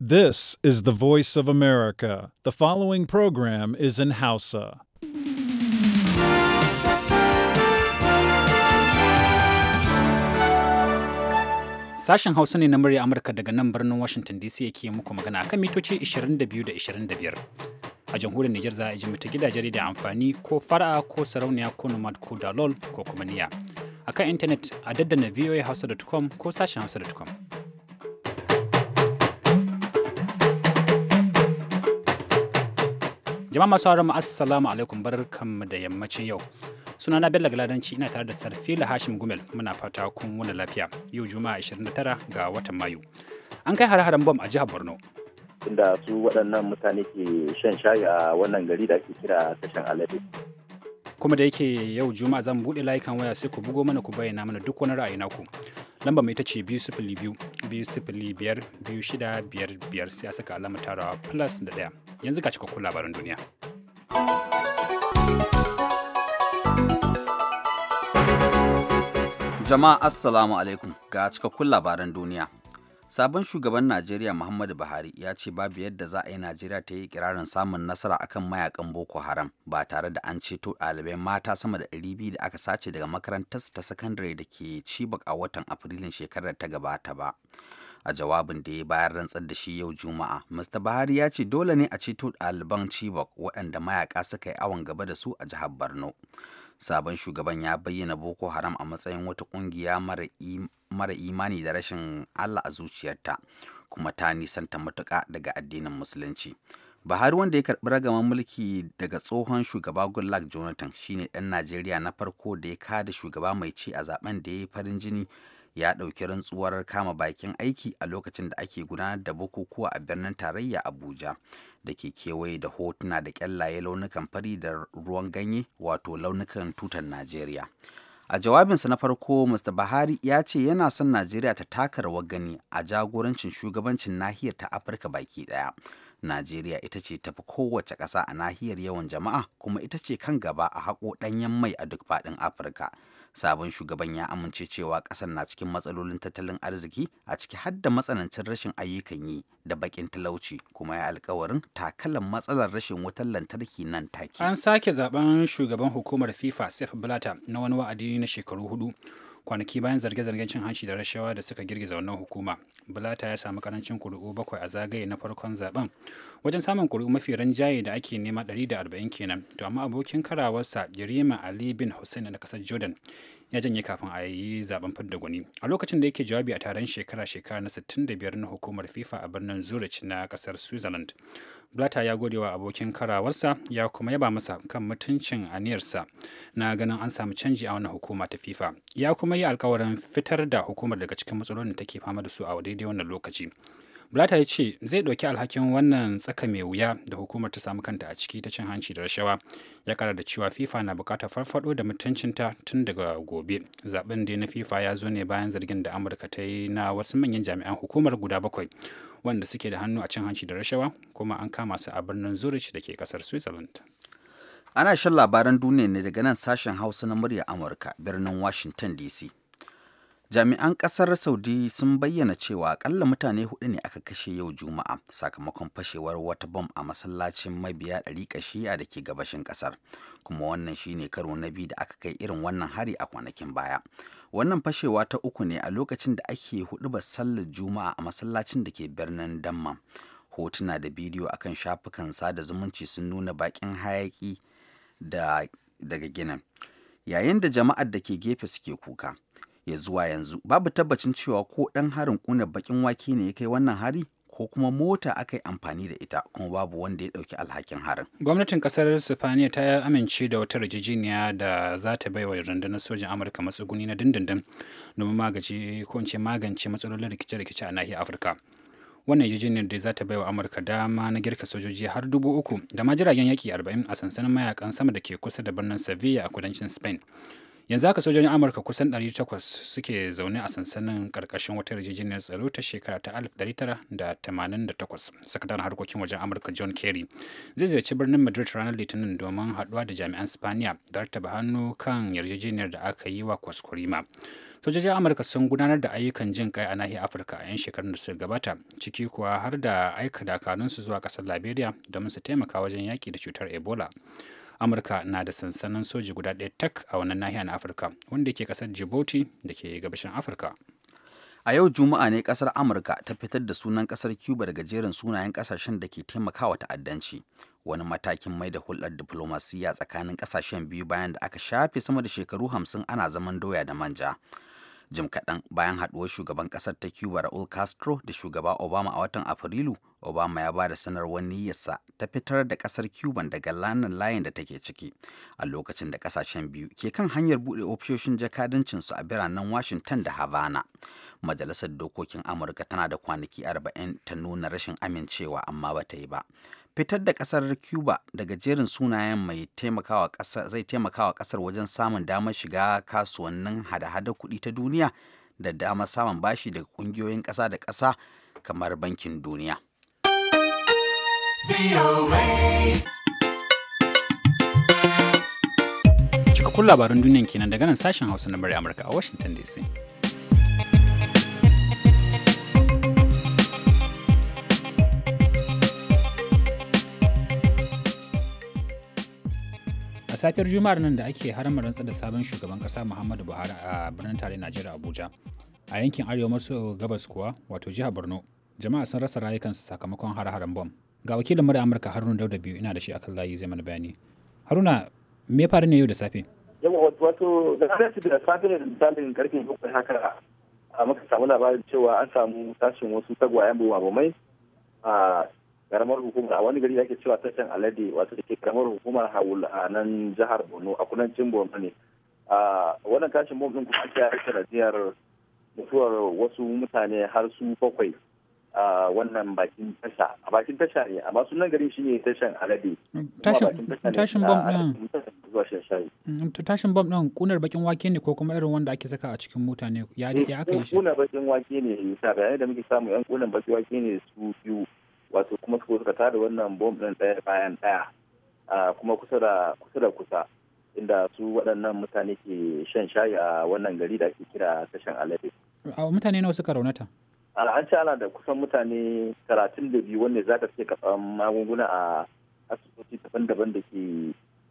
This is the voice of America. The following program is in Hausa. Sashen Hausa ne na murya Amurka daga nan birnin Washington DC yake muku magana kan mitoci 22 da 25. A jamhuriyar Nijar za a ji mutu gidajen da amfani ko fara ko sarauniya ko nomad ko dalol ko kuma niya. A kan intanet a daddana voahausa.com ko sashen hausa.com. Jama'a masu haramu assalamu alaikum mu da yammacin yau. Sunana Bello Galadanci ina tare da Sarfila Hashim Gumel muna fata kun wani lafiya. Yau Juma'a 29 ga watan Mayu. An kai hare-haren bom a jihar Borno. Inda su waɗannan mutane ke shan shayi a wannan gari da ake kira tashan alade. kuma da yake yau juma'a zan buɗe layukan waya sai ku bugo mana ku bayyana mana duk wani ra'ayi naku lamba mai ta ce biyu sifili biyu biyu sifili biyar biyu shida biyar sai a saka alamar tarawa plus da ɗaya yanzu ga cikakkun labaran duniya. Jama'a Assalamu alaikum ga cikakkun labaran duniya. Sabon shugaban Najeriya Muhammadu Buhari ya ce babu yadda za a yi Najeriya ta yi kirarin samun nasara akan mayakan Boko Haram ba tare da an ceto ɗalibai mata sama da 200 da aka sace daga makarantar ta sakandare da ke cibak a watan Afrilun shekarar ta gabata ba. a jawabin da ya bayar rantsar da shi yau juma'a mr buhari ya ce dole ne a ceto ɗaliban chibok waɗanda mayaka suka yi awon gaba da su a jihar borno sabon shugaban ya bayyana boko haram a matsayin wata ƙungiya mara imani da rashin allah a zuciyarta kuma ta nisanta matuƙa daga addinin musulunci Buhari wanda ya karɓi ragaman mulki daga tsohon shugaba Goodluck Jonathan shine ɗan Najeriya na farko da ya kada shugaba mai ci a zaben da ya yi farin jini ya ɗauki rantsuwar kama bakin aiki a lokacin da ake gudanar da bukukuwa a birnin tarayya abuja da ke kewaye da hotuna da ƙyallaye launukan fari da ruwan ganye wato launukan tutan najeriya a jawabinsa na farko mr buhari ya ce yana son najeriya ta taka rawar gani a jagorancin shugabancin nahiyar ta afirka baki ɗaya najeriya ita ce tafi kowace ƙasa a nahiyar yawan jama'a kuma ita ce kan gaba a haƙo ɗanyen mai a duk faɗin afirka sabon shugaban ya amince cewa ƙasar na cikin matsalolin tattalin arziki a ciki har da matsanancin rashin ayyukan yi da baƙin talauci kuma ya alkawarin takalan matsalar rashin wutar lantarki nan take an sake zaben shugaban hukumar fifa sef blatter na wani wa'adi na shekaru hudu kwanaki bayan zarge-zargen cin hanci da rashawa da suka girgiza wannan hukuma bulata ya samu karancin kuri'u bakwai a zagaye na farkon zaben wajen samun kuri'u mafi ranjaye da ake nema 140 kenan to amma abokin karawarsa jirima ali bin hussein na kasar jordan ya janye kafin a yi zaben fidda gwani a lokacin da yake jawabi a taron shekara-shekara na 65 na hukumar fifa a birnin zurich na kasar switzerland blatter ya gode wa abokin karawarsa ya kuma yaba masa kan mutuncin aniyarsa na ganin an samu canji a wannan hukuma ta fifa ya kuma yi alkawarin fitar da hukumar daga cikin matsalolin da take fama da su a daidai wannan lokaci Blata ya ce zai ɗauki alhakin wannan tsaka mai wuya da hukumar ta samu kanta a ciki ta cin hanci da rashawa. Ya kara da cewa FIFA na bukatar farfado da mutuncinta tun daga gobe. zaɓen da na FIFA ya zo ne bayan zargin da Amurka ta yi na wasu manyan jami'an hukumar guda bakwai wanda suke da hannu a cin hanci da rashawa kuma an kama su a birnin Zurich da ke ƙasar Switzerland. Ana shan labaran duniya ne daga nan sashen Hausa na murya Amurka birnin Washington DC. Jami'an ƙasar Saudi sun bayyana cewa akalla mutane hudu ne aka kashe yau Juma'a sakamakon fashewar wata bom a masallacin mabiya ɗariƙa a da ke gabashin ƙasar, kuma wannan shi ne karo na biyu da aka kai irin wannan hari a kwanakin baya. Wannan fashewa ta uku ne a lokacin da ake huɗubar sallar Juma'a a masallacin da ke birnin Damma. Hotuna da bidiyo akan shafukan sada zumunci sun nuna baƙin hayaƙi daga ginin. Yayin da jama'ar da ke gefe suke kuka, ya zuwa yanzu babu tabbacin cewa ko ɗan harin ƙuna bakin wake ne ya kai wannan hari ko kuma mota aka yi amfani da ita kuma babu wanda ya ɗauki alhakin harin. Gwamnatin ƙasar Sifaniya ta amince da wata yarjejeniya da za ta bai baiwa rundunar sojin Amurka matsuguni na dindindin domin ko ce magance matsalolin rikice-rikice a nahiyar Afirka. Wannan yarjejeniyar da za ta bai wa Amurka dama na girka sojoji har dubu uku da ma jiragen yaƙi arba'in a sansanin mayakan sama da ke kusa da birnin Sevilla a kudancin Spain. yanzu haka sojojin amurka kusan 800 suke zaune a sansanin karkashin wata yarjejeniyar tsaro ta shekara ta 1988 sakataren harkokin wajen amurka john kerry zai ziyarci birnin madrid ranar litinin domin haɗuwa da jami'an spaniya da rattaba hannu kan yarjejeniyar da aka yi wa kwaskwarima sojojin amurka sun gudanar da ayyukan jin kai a nahiyar afirka a 'yan shekarun da suka gabata ciki kuwa har da aika dakarunsu zuwa ƙasar liberia domin su taimaka wajen yaki da cutar ebola amurka na da sansanin soji guda ɗaya tak a wannan nahiya na afirka wanda ke kasar djibouti da ke gabashin afirka a yau juma'a ne kasar amurka ta fitar da sunan kasar cuba daga jerin sunayen kasashen da ke taimakawa ta'addanci wani matakin mai da hulɗar diflomasiyya tsakanin kasashen biyu bayan da aka shafe sama da shekaru hamsin ana zaman doya da manja jim kaɗan bayan haɗuwar shugaban ƙasar ta cuba raul castro da shugaba obama a watan afrilu obama ya ba da sanarwar niyyarsa ta fitar da kasar cuban daga lanin layin da take ciki a lokacin da kasashen biyu ke kan hanyar buɗe ofishoshin jakadancinsu a biranen washington da havana majalisar dokokin amurka tana da kwanaki 40 ta nuna rashin amincewa amma ba ta yi ba fitar da kasar cuba daga jerin sunayen mai taimakawa kasar zai taimakawa kasar wajen samun damar shiga kasuwannin hada-hada kuɗi ta duniya da damar samun bashi daga ƙungiyoyin ƙasa da ƙasa kamar bankin duniya Cikakkun labaran duniyan kenan daga nan sashen Hausa na murya Amurka a Washington DC. A safiyar Juma'ar nan da ake haramar rantsar da sabon shugaban kasa Muhammadu Buhari a birnin tare Najeriya Abuja. A yankin arewa maso gabas kuwa, wato jihar Borno, jama'a sun rasa rayukansu sakamakon hare-haren bom ga wakilin murya amurka haruna dauda biyu ina da shi akan layi zai mana bayani haruna me faru ne yau da safe yawa wato da ranar da safe ne misalin karfe bakwai haka a muka samu labarin cewa an samu tashin wasu tagwayen bumabumai a karamar hukumar a wani gari yake ake cewa tashin alade wato da ke karamar hukumar hawul a nan jihar borno a kudancin borno ne a wannan tashin bom din kuma ake yi sanadiyar mutuwar wasu mutane har su bakwai wannan bakin tasha a bakin tasha ne amma sunan garin shine tashan alade mm, tashin bom din tashin bom din kunar bakin wake ne ko kuma irin wanda ake saka a cikin mota ne ya eh, ya aka yi shi kunar bakin wake ne sa bayanai da muke samu yan kunar bakin wake ne su biyu wato kuma su suka tada wannan bom din daya bayan daya kuma kusa da kusa da kusa inda su waɗannan mutane ke shan shayi a wannan gari da ake kira tashan alade A mutane nawa suka raunata alhanci ana da kusan mutane karatun da biyu wanda za ta suke kafan magunguna a asibitoci daban-daban da ke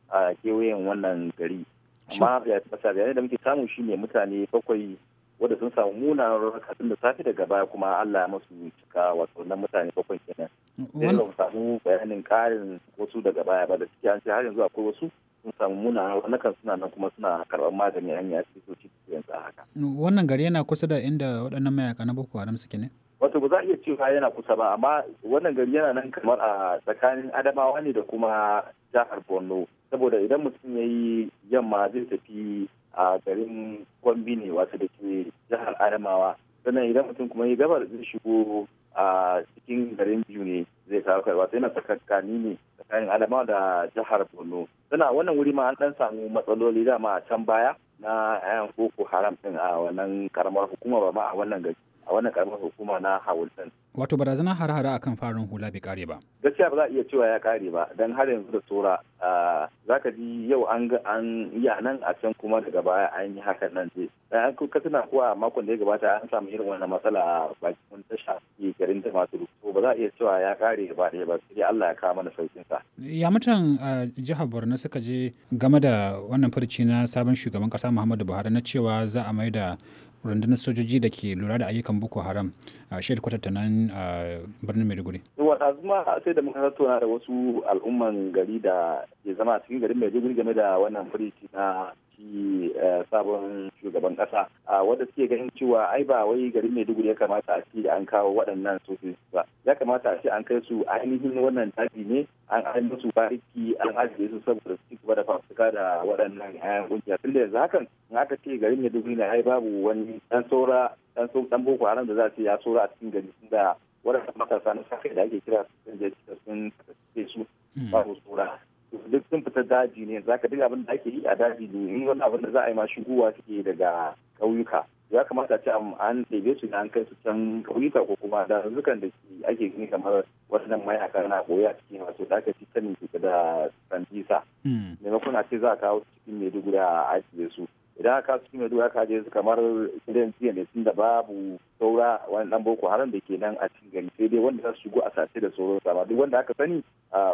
a kewayen wannan gari amma bisa bayanai da muke samu shine mutane bakwai wadda sun samu munanan raka tun da safe daga baya kuma Allah ya masu cika wato nan mutane bakwai kenan sai ba samu bayanin karin wasu daga baya ba da suke an ce har yanzu akwai wasu sun samu muna kan suna nan kuma suna karɓar magani hanya asibitoci yanzu a haka. Wannan gari yana kusa da inda waɗannan mayaka na Boko Haram suke ne? Wato ba za a iya cewa yana kusa ba amma wannan gari yana nan kamar a tsakanin Adamawa ne da kuma jihar Borno saboda idan mutum ya yi yamma zai tafi a garin Gombe ne wato da ke jihar Adamawa sannan idan mutum kuma ya gabar zai shigo a cikin garin biyu ne zai kawo karba sai na tsakakkani ne tsakanin adamawa da jihar borno suna wannan wuri ma an dan samu matsaloli dama can baya na 'yan koko haram din a wannan karamar hukuma ba ma a wannan gari a wannan karamar hukuma na hawulton Wato barazana har hare akan farin hula bai kare ba. Gaskiya ba za a iya cewa ya kare ba dan har yanzu da tsora zaka ji yau an ga nan a can kuma daga baya an yi hakan nan ce Dan an kuka tuna kuwa makon da ya gabata an samu irin wannan matsala a bakin tasha ke garin da masu ruwa ba za a iya cewa ya kare ba ne ba sai Allah ya kawo mana saukin sa. Ya mutan jihar Borno suka je game da wannan furci na sabon shugaban kasa Muhammadu Buhari na cewa za a maida rundunar sojoji da ke lura da ayyukan boko haram a shaid kwatanta nan a birnin maiduguri wata zuma sai da muka tattauna da wasu al'umman gari da ke zama a cikin garin maiduguri game da wannan firiji na shi eh, sabon shugaban kasa wanda suke ganin cewa ai ba wai garin maiduguri ya kamata a ci an kawo waɗannan sosai ba ya kamata a ce an kai su ainihin wannan daji ne an an musu bariki an ajiye su saboda su gaba da fafuka da waɗannan ƴan kungiya tun da yanzu hakan in aka ce garin maiduguri na ai babu wani ɗan saura ɗan so ɗan boko haram da za su ya saura a cikin gari da waɗannan matasa na sakai da ake kira sun je sun su hmm. babu saura duk sun fita daji ne zaka duk abin da ake yi a daji ne in wani abin da za a yi ma shigowa suke daga kauyuka ya kamata ce an ɗebe su an kai su can ƙauyuka ko kuma da zukan da ake gani kamar waɗannan mayaka na koya a cikin wato da aka fi sanin da santisa hmm. maimakon a ce za a kawo cikin maiduguri a ajiye su idan aka cikin maiduguri aka ajiye su kamar irin jiya ne tun da babu saura wani dan boko haram da ke nan a cikin gari sai dai wanda za su shigo a sace da sauran sama duk wanda aka sani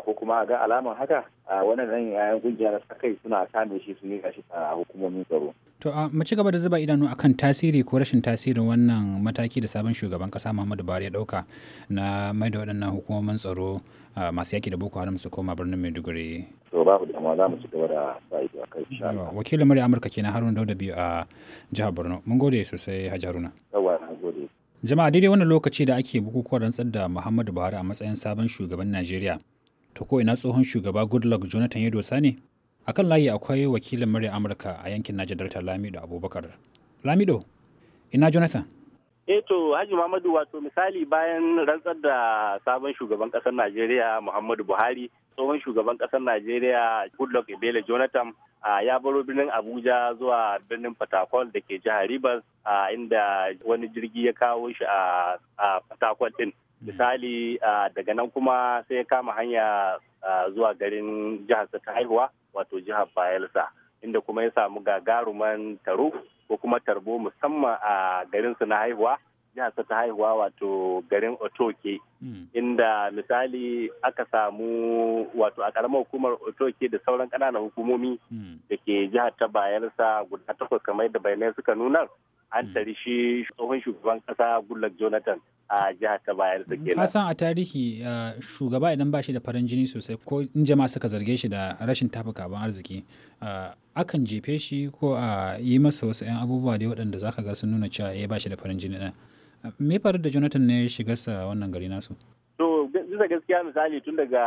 ko kuma ga alaman haka wannan nan yayan kungiya na kai suna kame shi su miƙa shi a hukumomin tsaro. to a mu ci gaba da zuba idanu akan tasiri ko rashin tasirin wannan mataki da sabon shugaban kasa muhammadu buhari ya dauka na mai da waɗannan hukumomin tsaro masu yaki da boko haram su koma birnin maiduguri. to babu ma za mu ci gaba da sa ido a kai. wakilin murya amurka kenan haruna dauda biyu a jihar borno mun gode sosai hajjaruna. Jama'a daidai wannan lokaci da ake bukukuwar rantsar da Muhammadu Buhari a matsayin sabon shugaban Najeriya. To ko ina tsohon shugaba Goodluck Jonathan ya dosa ne? A kan layi akwai wakilin murya Amurka a yankin Niger Delta Lamido Abubakar. Lamido, ina Jonathan? Eh to Haji Muhammadu wato misali bayan rantsar da sabon shugaban kasar Najeriya Muhammadu Buhari, tsohon shugaban kasar Najeriya Goodluck Ebele Jonathan ya baro birnin abuja zuwa birnin fatakwal da ke jihar ribas inda wani jirgi ya kawo shi a fatakwal din hmm. misali daga nan kuma sai ya kama hanya zuwa garin jihar ta haihuwa wato jihar bayelsa inda kuma ya samu gagaruman taro ko kuma tarbo musamman a garinsu na haihuwa jihar ta haihuwa wato garin otoke hmm. inda misali aka samu wato a karamar hukumar otoke da sauran kananan hukumomi hmm. da ke jihar ta sa guda takwas kamar da bayanai suka nuna an hmm. tari shi tsohon shugaban kasa gullak jonathan a jihar ta bayelsa kenan ka san a tarihi uh, shugaba idan ba shi da farin jini sosai ko in jama'a suka zarge shi da rashin tafuka ban arziki uh, akan jefe shi ko a yi masa wasu 'yan abubuwa dai waɗanda zaka ga sun nuna cewa ya eh ba shi da farin jini ɗin me faru da jonathan ne sa wannan gari nasu to bisa gaskiya misali tun daga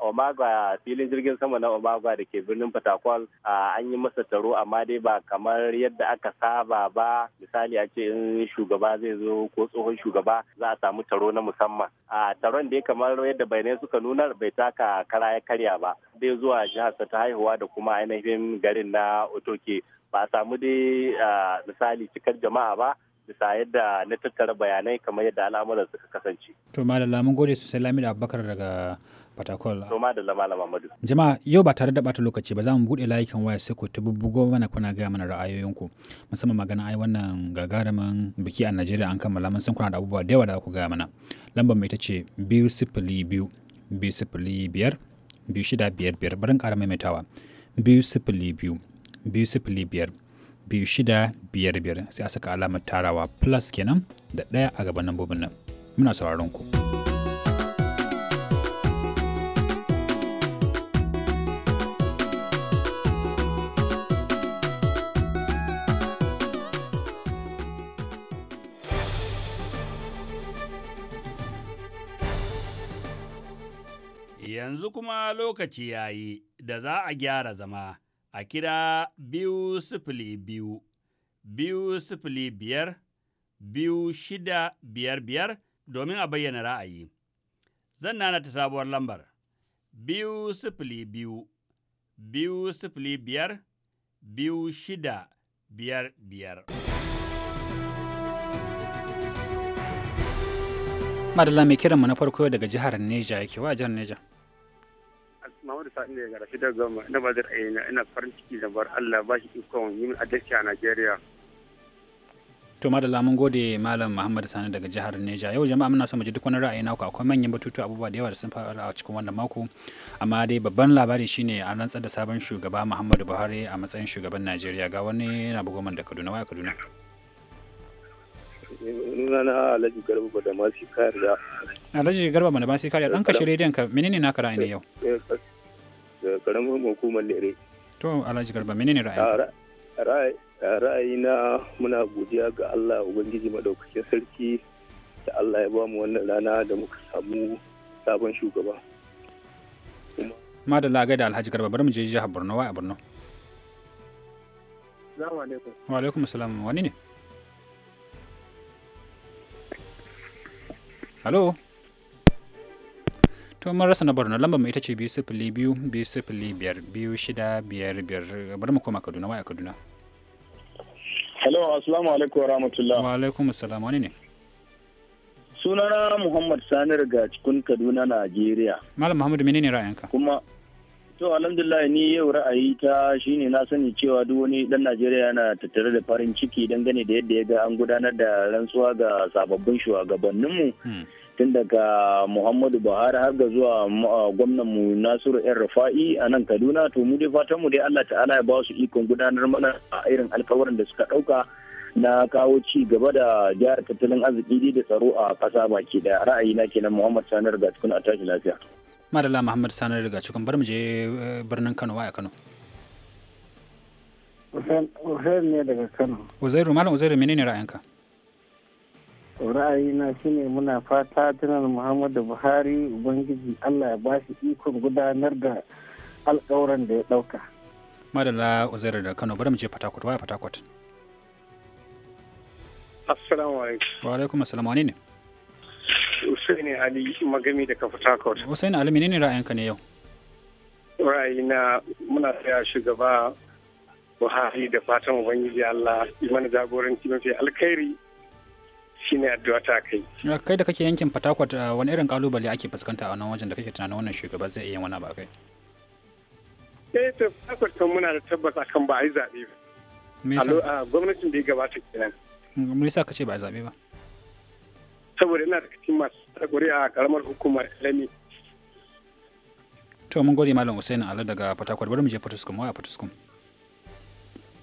omagwa filin jirgin sama na omagwa da ke birnin fatakwal an yi masa taro amma dai ba kamar yadda aka saba ba misali a ce in shugaba zai zo ko tsohon shugaba za a samu taro na musamman a taron da kamar yadda bayanai suka nuna bai taka kara ya karya ba dai zuwa jihar ta haihuwa da kuma ainihin garin na otoke ba a samu dai misali cikar jama'a ba bisa yadda na tattara bayanai kamar yadda al'amuran suka kasance. To malala mun gode sosai Lamidu Abubakar daga Fatakol. To malala malam Ahmadu. Jama'a yau ba tare da bata lokaci ba za mu buɗe layukan waya sai ku ta mana kuna gaya mana ra'ayoyinku musamman magana ai wannan gagarumin biki a Najeriya an kammala mun san kuna da abubuwa da yawa da ku gaya mana. Lambar mai ta ce biyu sifili biyu biyu sifili biyar biyu shida biyar biyar barin ƙara maimaitawa biyu sifili biyu biyu sifili biyar biyu shida biyar biyar sai a saka alamar tarawa plus kenan da ɗaya a gaban lambobin nan muna sauraron ku. Yanzu kuma lokaci ya yi da za a gyara zama. a kira biyu sifili biyu, biyu sifili biyar, biyu shida biyar biyar domin a bayyana ra'ayi. Zan nana ta sabuwar lambar, biyu sifili biyu, biyu sifili biyar, biyu shida biyar biyar. Madalla mai kiranmu na farko daga jihar Neja yake wa jihar Neja. Muhammadu Sa'in da gara shi gama ina ba da ra'ayina ina farin ciki da bar Allah ba shi ikon min adalci a Najeriya. To da mun gode Malam Muhammad Sani daga jihar Neja. Yau jama'a muna son mu ji duk wani ra'ayi naku akwai manyan batutu abubuwa da yawa da sun faru a cikin wannan mako. Amma dai babban labari shine an rantsar da sabon shugaba Muhammadu Buhari a matsayin shugaban Najeriya. Ga wani yana bugoman da Kaduna waya Kaduna. Nuna na Alhaji Garba da Masi Kariya. Alhaji Garba da Masi Kariya ɗan kashe rediyon ka menene naka ra'ayi yau? Eh, Eh, karamin hukumar lere to alhaji garba menene ra'ayi ra'ayi na muna godiya ga Allah ubangiji madaukakin sarki da Allah ya ba mu wannan rana da muka samu sabon shugaba madalla gaida alhaji garba bari mu je jihar borno wa a borno Assalamu alaikum. Wa alaikum assalam. Wani ne? Hello? to mun rasa na borno lambar mai ita ce biyu sifili biyu biyu sifili biyar biyu shida biyar biyar bari mu koma kaduna waya kaduna hello assalamu alaikum warahmatullah wa alaikum assalam wani ne sunana muhammad sani daga cikin kaduna najeriya malam muhammadu ne ra'ayinka kuma to alhamdulillah ni yau ra'ayi ta shine na sani cewa duk wani dan najeriya yana tattare da farin ciki dangane da yadda ya ga an gudanar da rantsuwa ga sababbin shugabanninmu hmm. tun daga muhammadu buhari har ga zuwa uh, gwamnanmu nasiru yan rufa'i a nan kaduna to mu dai fatan mu dai allah ta'ala ya ba su ikon gudanar mana a irin alkawarin da suka ɗauka na kawo ci gaba da jihar tattalin arziki da tsaro a kasa baki da ra'ayi na kenan muhammad sanar ga cikin a tashi lafiya madalla muhammad sanar daga cikin bar mu je eh, birnin kano waya kano Uzairu ne daga Kano. Uzairu, Malam Uzairu menene ra'ayinka? ra'ayina shine muna fata tunan muhammadu buhari ubangiji allah ya ba shi ikon gudanar da alkawuran da ya dauka madalla uzairar da kano bari mu je fatakot waya fatakot assalamu alaikum wa alaikum wani ne usaini ali magami daga fatakot usaini ali menene ra'ayinka ne yau ra'ayina muna tsaya shugaba buhari da fatan ubangiji allah mana jagoranci mafi alkhairi shine addu'a ta kai kai da kake yankin fatakwat uh, wani irin kalubale ake fuskanta a wannan wajen da kake tunanin wannan shugaba zai iya wani ba kai eh to fatakwat kan muna da tabbas akan ba a yi zaɓe ba Me gwamnatin da ya gabata kenan mm, me yasa kace ba a zaɓe ba saboda ina da cikin masu tsagwari a karamar hukumar lami to mun gode malam Usaini Ali daga Fatakwat bari mu je Fatuskum waya Fatuskum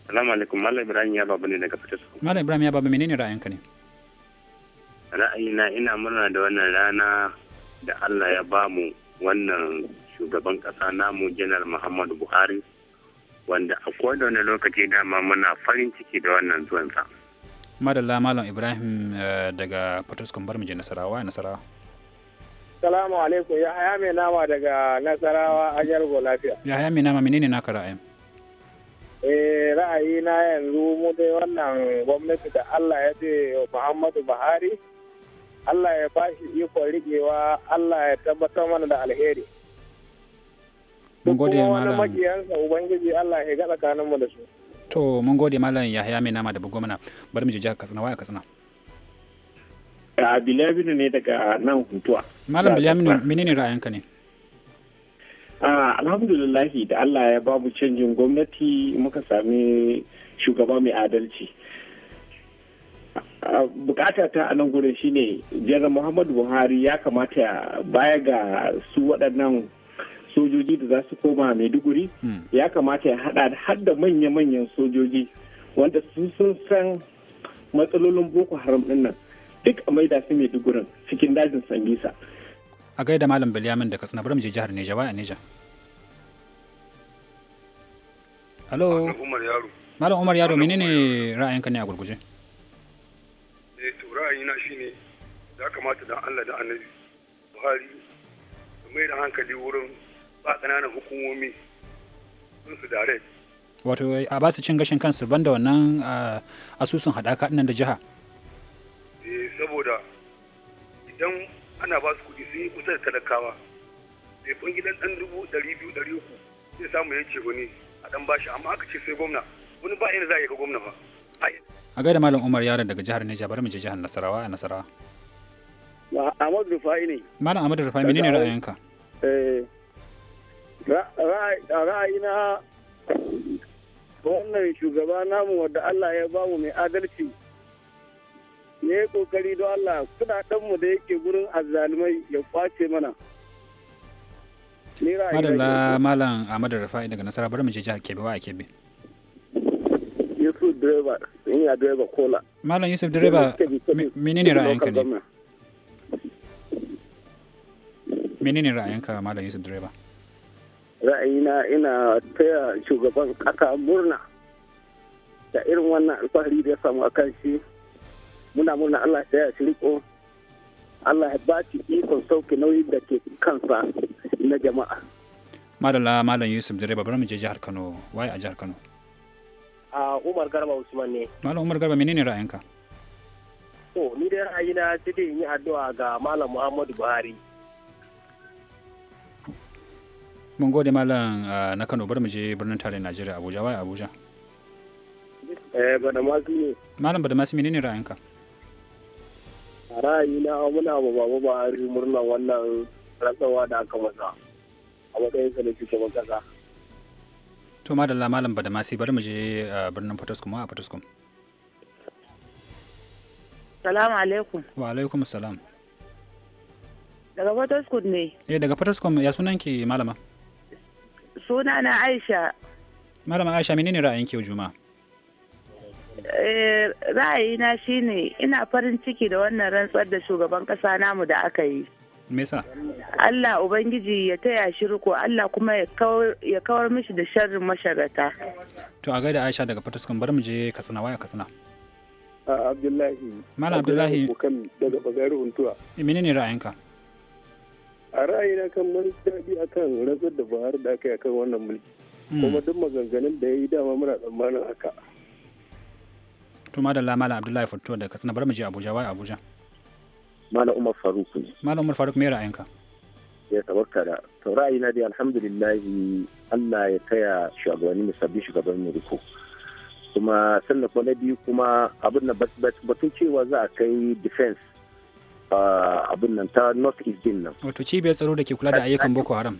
Assalamu alaikum Malam Ibrahim ya babu ne daga Fatuskum Malam Ibrahim ya babu menene ra'ayinka ne ra'ayina ina murna da wannan rana da Allah ya ba mu wannan shugaban ƙasa namu janar Muhammadu Buhari wanda a kowane lokaci dama muna farin ciki da wannan zuwansa. Madalla Malam Ibrahim eh, daga Fatuskun Barmije Nasarawa Nasarawa. Salamu alaikum ya haya mai nama daga Nasarawa a Jargo Lafiya. Ya haya mai nama menene naka ra'ayin? Eh, ra'ayi na yanzu mu dai wannan gwamnati da Allah ya ce Muhammadu Buhari Allah ya bashi ikon riƙewa Allah ya tabbatar mana da alheri. Mun gode malam. Kuma makiyansa Ubangiji Allah ya ga mu da su. To mun gode malam Yahaya mai nama da gwamna bari mu ji jihar Katsina waya Katsina. Ah, Bilaminu ne daga nan Kuntuwa. Malam Bilaminu menene ra'ayinka ne? alhamdulillahi da allah ya babu canjin gwamnati muka sami shugaba mai adalci bukata ta a nan gurin shine jiran muhammadu buhari ya kamata baya ga su waɗannan sojoji da za su koma maiduguri hmm. ya kamata ya haɗa da manya-manyan sojoji wanda su sun san matsalolin boko haram ɗin nan duk a maida su maidugurin cikin dajin sambisa. a gaida malam bilyamin da katsina bari mu je jihar neja waya neja alo Malam Umar Yaro, menene ra'ayinka ne a gurguje? Eh to ya kamata dan Allah da Annabi Buhari mai da wurin ba hukumomi sun su dare. Wato a ba su cin gashin kansu banda wannan asusun haɗaka ɗin da jiha. Eh saboda idan ana ba su su yi kusa da talakawa mai kun gidan dan dubu ɗari biyu ɗari uku zai samu yanke wani a dan bashi amma aka ce sai gwamna wani ba yadda za a yi ga gwamna ba a gaida malam umar yaron daga jihar Nijar bari mu je jihar Nasarawa a Nasarawa Ahmadu Rufai ne malam Ahmadu Rufai menene ra'ayinka eh ra'ayi na wannan shugaba namu wanda Allah ya bamu mai adalci ya yi kokari don Allah kudadenmu da yake gurin azzalumai ya kwace mana. Madalla Malam Ahmadu Rafa'i daga Nasara bari mu je jihar Kebe wa a Kebe. Yusuf Direba, ina Direba Kola. Malam Yusuf Direba, menene ra'ayinka ne? Menene ra'ayinka Malam Yusuf Direba? Ra'ayina ina taya shugaban kasa murna da irin wannan alfahari da ya samu a kan shi muna murna Allah ta saya riko Allah ya ba shi ikon sauke nauyi da ke kansa na jama'a madalla malam yusuf direba bari mu je jihar kano waye a jihar kano a umar garba usman ne malam umar garba menene ra'ayinka to ni dai ra'ayina sai dai in yi addu'a ga malam muhammadu buhari mun gode malam na kano bar mu je birnin tare najeriya abuja waye abuja eh, malam badamasi menene ra'ayinka a na muna ba baba ari murnan wannan rantsawa da aka masa a sa, na ke kasa to madalla malam badamasi bari mu je birnin fataskum a fataskum salamu alaikum wa alaikum salam daga fataskum ne eh daga fataskum ya sunan ki malama Suna na aisha malama aisha menene ra'ayin yau juma'a Eh, ra'ayina shine ina farin ciki da wannan rantsar da shugaban kasa namu da aka yi. Mesa? Allah Ubangiji ya taya shi riko Allah kuma ya kawar mishi da sharrin masharata. To a gaida Aisha daga Fataskan bar mu je Katsina waya Katsina. Abdullahi. Malam Abdullahi. Daga Bagari Huntuwa. Eh, Mene ne ra'ayinka? A ra'ayina kan mun daɗi akan rantsar da Buhari da aka yi akan wannan mulki. Hmm. Kuma duk maganganun da ya yi dama muna tsammanin haka. to madalla malam abdullahi fito da katsina bari mu je abuja wai abuja malam umar faruk ne malam umar faruk me ra'ayinka ya da to ra'ayina dai alhamdulillah Allah ya taya shugabanni musabbin shugabanni riko kuma sannan kuma na biyu kuma abin nan batun cewa za a kai defense ah, abin nan ta north east din nan wato cibiyar tsaro da ke kula da ayyukan boko haram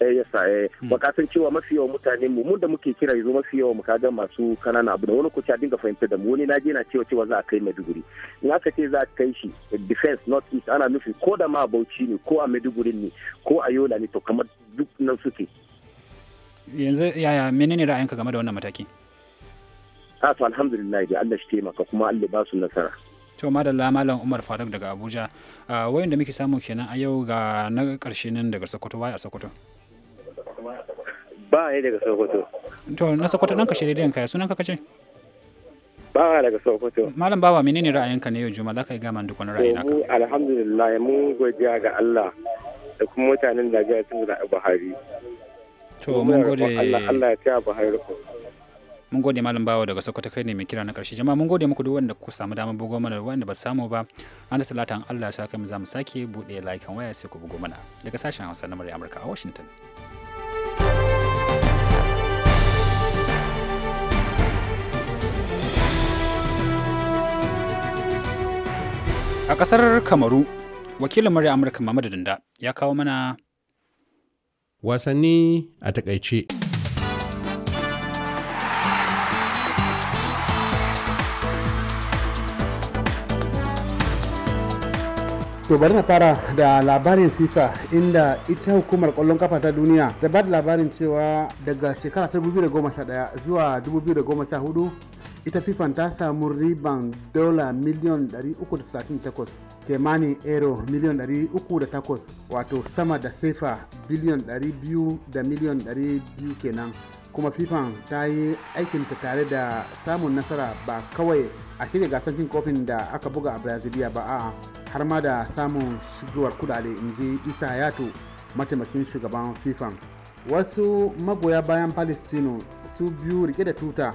eh yasa eh ba hmm. cewa mafi yawan mutane mu mun da muke kira yanzu mafi yawan mu kaga masu kanana abu da wani kuce a dinga fahimtar da mu wani na je na cewa cewa za a kai Maiduguri in aka ce za a kai shi eh, defense north east ana nufin ko da ma Bauchi ne ko a Maiduguri ne ko a Yola ne to kamar duk nan suke yanzu yaya menene ra'ayinka game da wannan mataki a ah, to alhamdulillah da Allah shi taimaka kuma Allah ba su nasara to madalla malam umar faruk daga abuja ah, wayan da muke samu kenan a yau ga na karshe nan daga sokoto waya a sokoto ba ne daga sokoto to na sokoto ɗan kashe rediyon ka sunan ka ba bawa daga sokoto malam bawa menene ra'ayinka ne yau juma za ka yi gama duk wani ra'ayi naka alhamdulillah mu godiya ga Allah da kuma mutanen ga sun da Buhari to mun gode Allah ya taya Buhari mun gode malam bawa daga sokoto kai ne mai kira na karshe jama'a mun gode muku duk wanda ku samu damar bugo mana wanda ba samu ba an talata an Allah ya saka mu za mu sake bude and waya sai ku bugo mana daga sashen Hausa na Amurka a Washington a ƙasar kamaru wakilin murya amurka mamadu dunda ya kawo mana wasanni a takaice To bari na fara da labarin FIFA inda ita hukumar kwallon kafa ta duniya ta ba da labarin cewa daga shekara ta 2011 zuwa 2014 ita fifan ta samu riban dola miliyan 338 kemani euro miliyan 308 wato sama da sefa biliyan 200 da miliyan 200 kenan kuma fifan ta yi aikinta tare da samun nasara ba kawai a shirya gasar cin kofin da aka buga a brazilia ba a har ma da samun shigowar kudade inji isa yato mataimakin shugaban fifan wasu magoya bayan palestino su biyu rike da tuta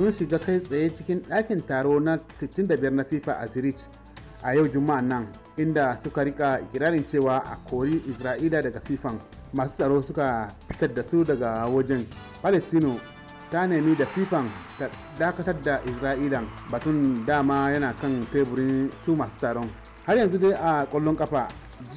sun shiga kai tsaye cikin ɗakin taro na 65 na fifa a zurich a yau juma'a nan inda suka rika ikirarin cewa a kori isra'ila daga fifan masu tsaro suka fitar da su daga wajen palestino ta nemi da fifan ta dakatar da isra'ila batun dama yana kan teburin su masu taron har yanzu dai a kwallon kafa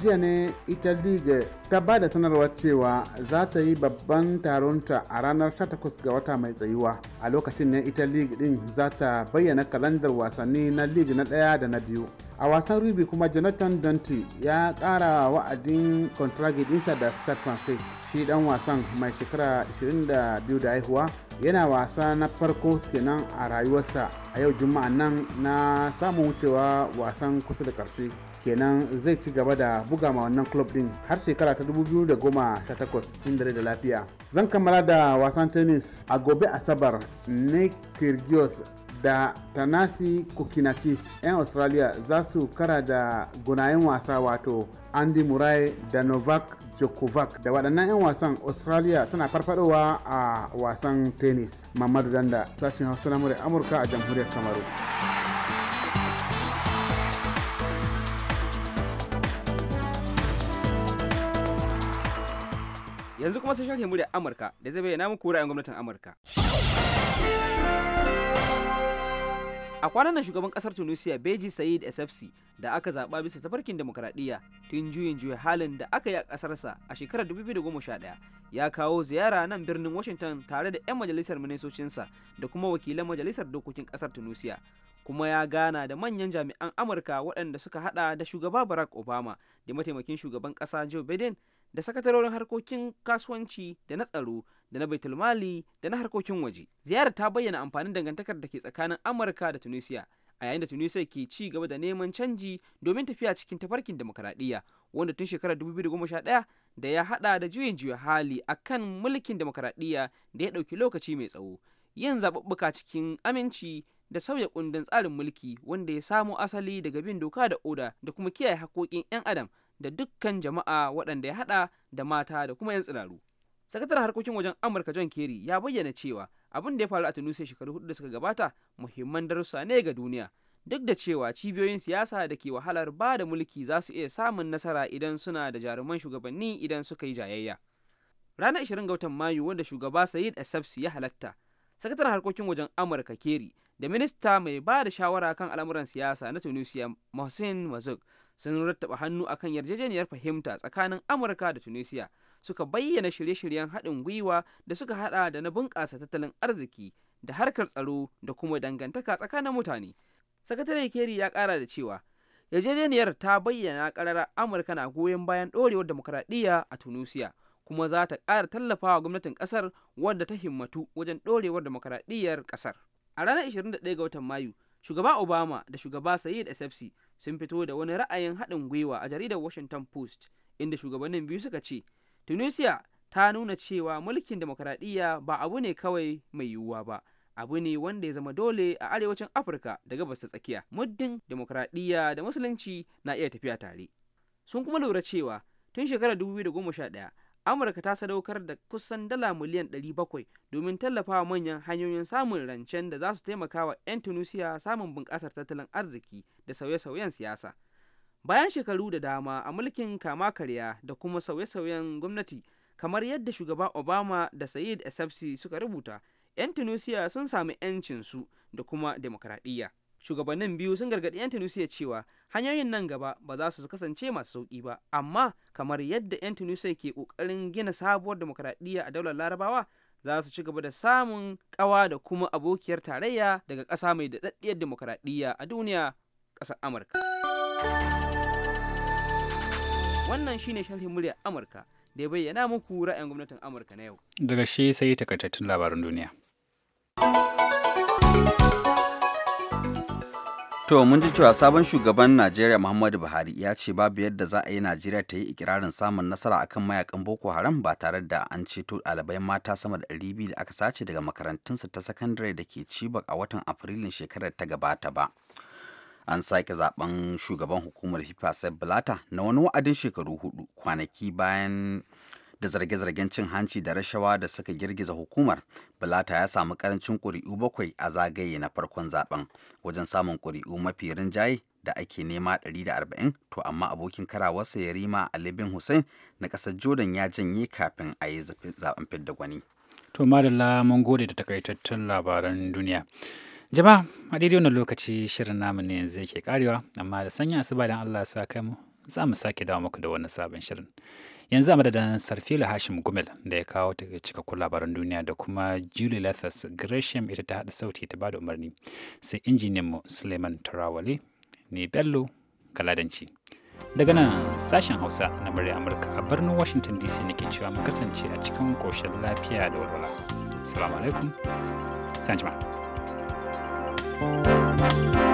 jiya ne ita league ta ba da sanarwar cewa za ta yi babban taronta a ranar 18 ga wata mai tsayuwa a lokacin ne ita league din za ta bayyana kalandar wasanni na league na ɗaya da na biyu a wasan rubi kuma jonathan dante ya kara wa'adin contract ɗinsa da star francis shi dan wasan mai shekara 22 da haihuwa yana wasa na farko kenan a rayuwarsa a yau juma'a nan na samun wucewa wasan kusa da ƙarshe kenan zai ci gaba da buga ma wannan club din har shekara ta 2018 inda da lafiya zan kammala da wasan tennis a gobe asabar ne kirgios da tanasi kukinakis 'yan australia za su kara da gunayen wasa wato andy murray da novak Djokovic da waɗannan 'yan wasan Australia suna farfadowa a wasan tennis. Mamadu Danda sashen Hausa na Amurka a jamhuriyar Kamaru. yanzu kuma sai shafin muryar amurka da zai bayyana muku ra'ayin gwamnatin amurka a kwanan nan shugaban kasar tunisia beji said sfc da aka zaba bisa tafarkin demokradiyya tun juyin juya halin da aka yi a kasarsa a shekarar 2011 ya kawo ziyara nan birnin washington tare da 'yan majalisar ministocinsa da kuma wakilan majalisar dokokin kasar tunisia kuma ya gana da manyan jami'an amurka waɗanda suka hada da shugaba barack obama da mataimakin shugaban ƙasa joe biden da sakatarorin harkokin kasuwanci da na tsaro da na baitulmali da na harkokin waje ziyarar ta bayyana amfanin dangantakar da ke tsakanin amurka da tunisia a yayin da tunisia ke ci gaba da neman canji domin tafiya cikin tafarkin demokaradiyya wanda tun shekarar 2011 da ya haɗa da juyin juya hali akan mulkin demokaradiyya da ya ɗauki lokaci mai tsawo yin zaɓuɓɓuka cikin aminci da sauya kundin tsarin mulki wanda ya samo asali daga bin doka da oda da kuma kiyaye haƙoƙin 'yan adam da dukkan jama'a waɗanda ya haɗa da mata da kuma 'yan tsiraru. Sakataren harkokin wajen Amurka John Kerry ya bayyana cewa abin da ya faru a Tunisia shekaru hudu da suka gabata muhimman darussa ne ga duniya. Duk da cewa cibiyoyin siyasa da ke wahalar ba da mulki za su iya samun nasara idan suna da jaruman shugabanni idan suka yi jayayya. rana 20 ga watan Mayu wanda shugaba Said Essebsi ya halatta, sakataren harkokin wajen Amurka Kerry da minista mai ba da shawara kan al'amuran siyasa na Tunisia Mohsin Mazouk sun rattaba hannu akan yarjejeniyar fahimta tsakanin amurka da tunisia suka bayyana shirye-shiryen haɗin gwiwa da suka haɗa da na bunƙasa tattalin arziki da harkar tsaro da kuma dangantaka tsakanin mutane sakataren keri ya ƙara da cewa yarjejeniyar ta bayyana ƙararar amurka na goyon bayan ɗorewar demokuraɗiyya a tunisia kuma za ta ƙara tallafawa gwamnatin ƙasar wadda ta himmatu wajen ɗorewar demokuraɗiyyar ƙasar a ranar 21 ga watan mayu shugaba obama da shugaba sayid essebsi sun fito da wani ra'ayin haɗin gwiwa a jaridar washington post inda shugabannin biyu suka ce tunisia ta nuna cewa mulkin demokaradiyya ba abu ne kawai mai yiwuwa ba abu ne wanda ya zama dole a arewacin afirka da gabas ta tsakiya muddin demokaradiyya da musulunci na iya tafiya tare sun kuma lura cewa tun shekarar 2011 amurka ta sadaukar da kusan dala miliyan 700 domin tallafawa manyan hanyoyin samun rancen da za su taimaka wa 'yan tunisia samun bunƙasar tattalin arziki da sauye-sauyen siyasa bayan shekaru da dama a mulkin kama karya da kuma sauye-sauyen gwamnati kamar yadda shugaba obama da sayid essebsi suka rubuta 'yan tunisia sun sami 'yancinsu da kuma demokradiyya shugabannin biyu sun gargaɗi 'yan tunisiya cewa hanyoyin nan gaba ba za su kasance masu sauƙi ba amma kamar yadda 'yan tunisiya ke ƙoƙarin gina sabuwar demokradiyya a daular larabawa za su ci gaba da samun ƙawa da kuma abokiyar tarayya daga ƙasa mai daɗaɗɗiyar demokradiyya a duniya ƙasar amurka wannan shine sharhin muryar amurka da ya bayyana muku ra'ayin gwamnatin amurka na yau daga shi sai takaitattun labarin duniya To mun ji cewa sabon shugaban Najeriya Muhammadu Buhari ya ce babu yadda za a yi Najeriya ta yi ikirarin samun nasara akan mayakan Boko Haram ba tare da an ceto ɗalibai mata sama da ɗari biyu da aka sace daga makarantunsu ta sakandare da ke Chibok a watan Afrilun shekarar ta gabata ba. An sake zaben shugaban hukumar FIFA Sepp na wani wa'adin shekaru hudu kwanaki bayan da zarge-zargen cin hanci da rashawa da suka girgiza hukumar bulata ya samu karancin ƙuri'u bakwai a zagaye na farkon zaben wajen samun ƙuri'u mafi rinjaye da ake nema 140 to amma abokin karawarsa ya rima alibin hussein na ƙasar jordan ya janye kafin a yi zaben fidda gwani to madalla mun gode da takaitattun labaran duniya jama'a a daidai wannan lokaci shirin namu ne yanzu yake karewa amma da sanya asuba dan allah su kai mu za mu sake dawo muku da wani sabon shirin yanzu a madadin sarfila hashim gumel da ya kawo ta cikakkun labaran duniya da kuma julie lathas gresham ita ta haɗa sauti ta bada umarni sai injiniyan mu suleiman tarawale ne bello galadanci daga nan sashen hausa na murya amurka a birnin washington dc nake cewa mu kasance a cikin koshin lafiya da walwala salamu alaikum sanjima thank you